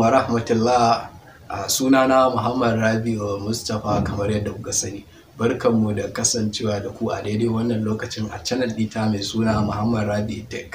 wa rahmatullah a sunana Muhammad Rabi'u Mustapha kamar yadda kuka sani barkanmu da kasancewa da ku a daidai wannan lokacin a channel dita mai suna Muhammad Rabi Tech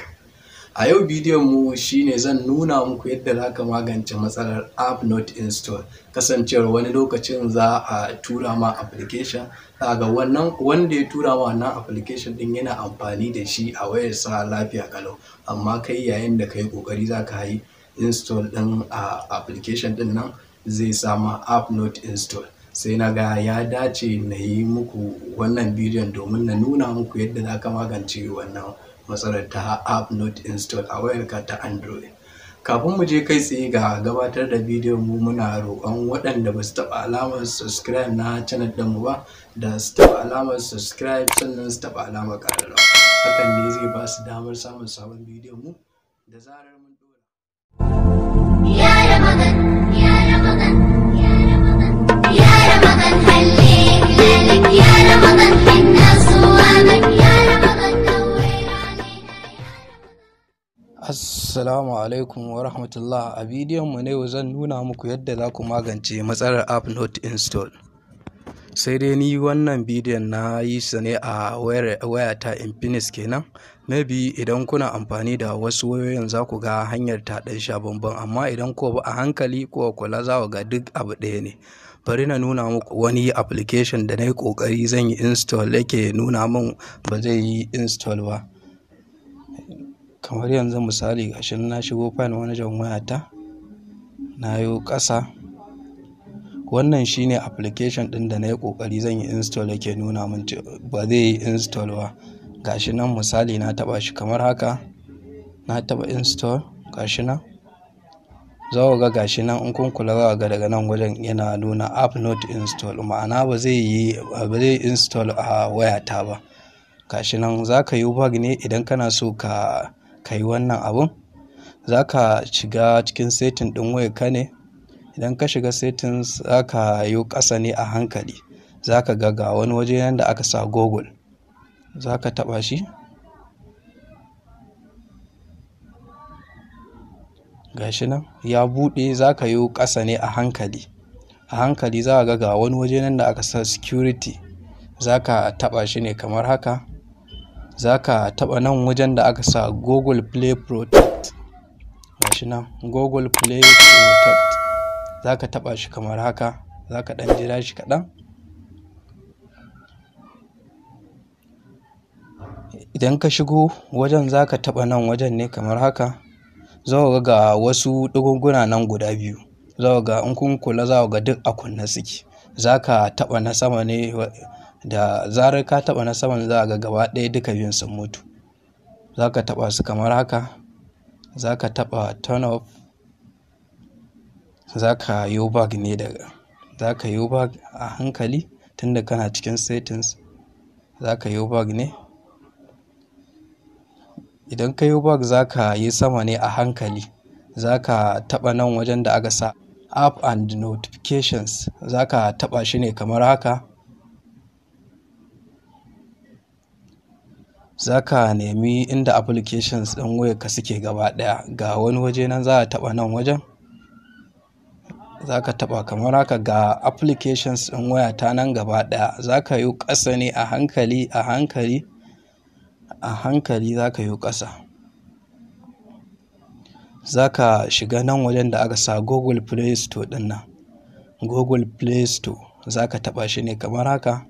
a yau bidiyon mu shine zan nuna muku yadda za ka magance matsalar app not install kasancewar wani lokacin za a tura ma application ga wanda ya tura ma wannan application din yana amfani da shi a wayarsa lafiya kalau amma kai yayin da ka yi kokari za ka yi install ɗin a application ɗin nan zai sama app note install sai na ga ya dace na yi muku wannan bidiyon domin na nuna muku yadda za ka magance wannan matsalar ta app not install a wayarka ta android kafin mu je kai tsaye ga gabatar da bidiyon mu muna roƙon waɗanda ba su taɓa alamar subscribe na channel ɗin mu ba da su taɓa alamar subscribe sannan su taɓa alamar ƙararrawa hakan ne zai ba su damar samun sabon bidiyon mu da zarar mun Assalamu alaikum wa rahmatullah a bidiyon mu ne zan nuna muku yadda za ku magance matsalar app not install sai dai ni wannan bidiyon na yi sa ne a waya ta infinix kenan maybe idan kuna amfani da wasu wayoyin za ku ga hanyar ta sha bambam amma idan ko ba a hankali ko kula za ku ga duk abu ɗaya ne bari na nuna muku wani application da na yi ƙoƙari zan yi install yake nuna min ba zai yi install ba kamar yanzu misali gashi na shigo file manager wayata na yi ƙasa wannan shine application ɗin da na yi ƙoƙari zan yi install yake nuna min ba zai yi install ba gashi nan misali na taɓa shi kamar haka na taɓa install gashi nan za ku ga gashi nan in kun kula za ga daga nan wajen yana nuna app not install ma'ana ba zai yi ba zai install a wayata ba gashi nan za ka yi bug ne idan kana so ka kai wannan abun za ka shiga cikin setting ɗin waya ka ne idan ka shiga settings za ka yi ƙasa ne a hankali za ka ga ga wani waje yadda aka sa google za ka taɓa shi gashi nan ya buɗe za ka yi ƙasa ne a hankali a hankali za ka ga wani waje nan da aka sa security za ka taɓa shi ne kamar haka za ka taɓa nan wajen da aka sa google play protect gashi nan google play protect za ka taɓa shi kamar haka za ka ɗan jira shi kaɗan idan ka shigo wajen za ka taɓa nan wajen ne kamar haka za ku ga wasu ɗigunguna nan guda biyu za ku ga in kun kula za ku ga duk a kunna suke za ka taɓa na sama ne da zarar ka taɓa na sama za ga gaba ɗaya duka biyun sun mutu za ka taɓa su kamar haka za ka taɓa turn off za ka yi bag ne daga za ka yi bag a hankali tunda kana cikin settings za ka yi bag ne Idan ka yi bag za ka yi sama ne a hankali. Za ka taɓa nan wajen da aka sa app and notifications. Za ka taɓa shi ne kamar haka. Za ka nemi inda applications ɗin ka suke gaba ɗaya. Ga wani waje nan za a taɓa nan wajen. Za ka taɓa kamar haka ga applications ɗin waya ta nan gaba ɗaya. Za ka yi ƙasa ne a hankali, a hankali. a hankali za ka yi ƙasa za ka shiga nan wajen da aka sa google play store ɗin nan google play store za ka taɓa shi ne kamar haka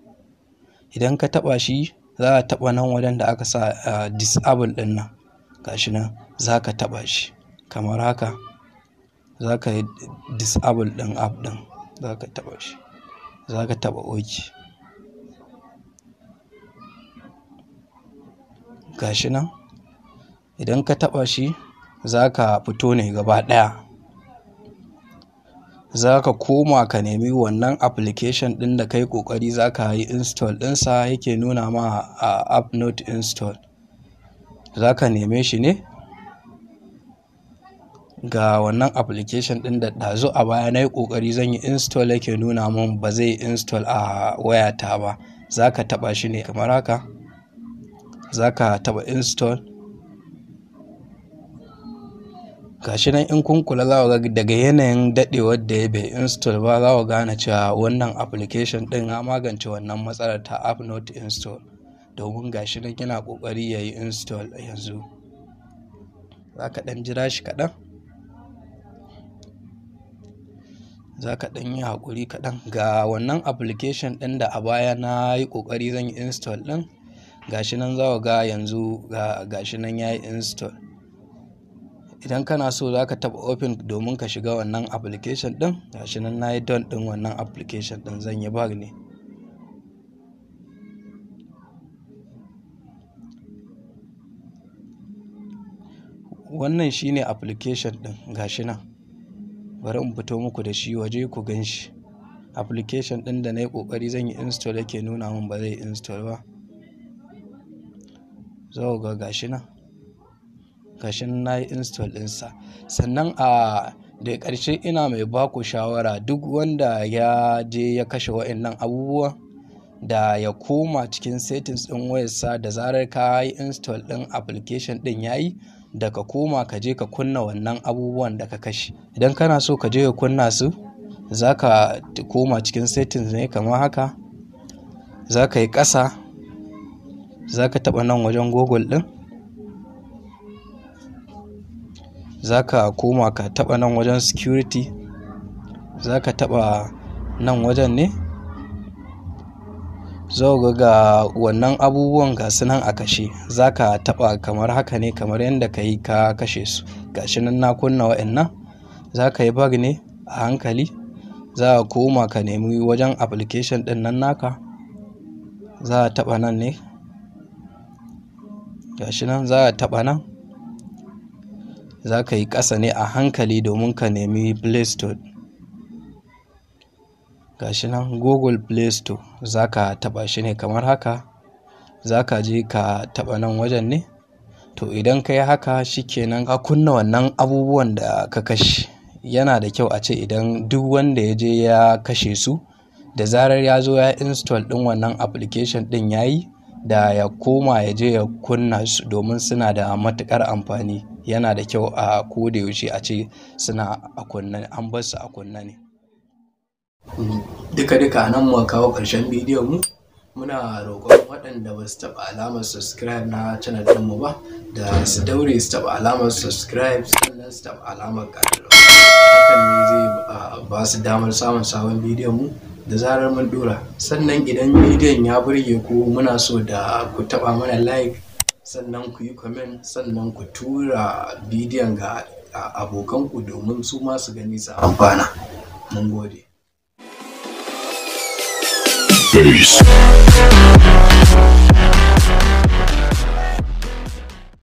idan ka taɓa shi za a taɓa nan wajen da aka sa uh, disable ɗin nan gashi nan za ka taɓa shi kamar haka za ka yi disable ɗin app ɗin za ka taɓa shi za ka taɓa ok gashi nan idan ka taɓa shi za ka fito ne gaba ɗaya za ka koma ka nemi wannan application ɗin da kai kokari ƙoƙari za ka yi install ɗinsa yake nuna ma a app note install za ka neme shi ne ga wannan application ɗin da dazu a baya na yi ƙoƙari zan yi install yake nuna mun ba zai install a wayata ba za ka taɓa shi ne kamar haka za ka taɓa install gashi nan in kun kula za ga daga yanayin dadewar da ya bai install ba za ku gane cewa wannan application din ya magance wannan matsalar ta app not install domin gashi nan yana kokari ya yi install yanzu za ka dan jira shi kaɗan za ka dan yi hakuri kaɗan ga wannan application ɗin da a baya na yi ƙoƙari zan yi install ɗin gashi nan za ga yanzu gashi nan ya yi install idan kana so za ka taɓa open domin ka shiga wannan application ɗin gashi nan na yi don ɗin wannan application ɗin zan yi bar ne wannan shine application ɗin gashi nan bari in fito muku da shi waje ku gan shi application ɗin da na yi ƙoƙari zan yi install yake nuna min ba zai install ba za ku ga gashi nan gashi na yi install ɗinsa sannan a da ƙarshe ina mai baku shawara duk wanda ya je ya kashe wa'annan abubuwa da ya koma cikin settings ɗin wayarsa da zarar ka yi install ɗin application ɗin yayi da ka koma ka je ka kunna wannan abubuwan da ka kashe idan kana so ka je ka kunna su za ka koma cikin settings ne kamar haka za ka yi ƙasa za ka taɓa nan wajen google ɗin za ka koma ka taɓa nan wajen security za ka taɓa nan wajen ne za ga ga wannan abubuwan ga nan a kashe za ka taɓa kamar haka ne kamar yadda ka yi ka kashe su gashi nan na kunna wa'annan za ka yi bag ne a hankali za ka koma ka nemi wajen application ɗin nan naka za a taɓa nan ne gashi nan za a taɓa nan za ka yi ƙasa ne a hankali domin ka nemi play store gashi nan google play store za ka taɓa shi ne kamar haka za ka je ka taɓa nan wajen ne to idan ka yi haka shikenan ka kunna wannan abubuwan da ka kashe yana da kyau a ce idan duk wanda ya je ya kashe su da zarar ya zo ya install ɗin wannan application ɗin ya yi da ya koma ya je ya kunna su domin suna da matukar amfani yana da kyau a koda yaushe a ce suna a kunna an bar su a kunne ne duka duka nan mu kawo ƙarshen bidiyon mu muna roƙon waɗanda ba su taɓa alamar subscribe na channel ɗinmu ba da su daure su taɓa alamar subscribe sannan su taɓa alamar ƙarfi hakan ne zai ah, ba su damar samun sabon bidiyon mu da zarar mun dora sannan idan bidiyon ya burge ku muna so da ku taba mana like sannan ku yi comment sannan ku tura bidiyon ga abokanku domin su ma su gani su amfana mun gode Peace.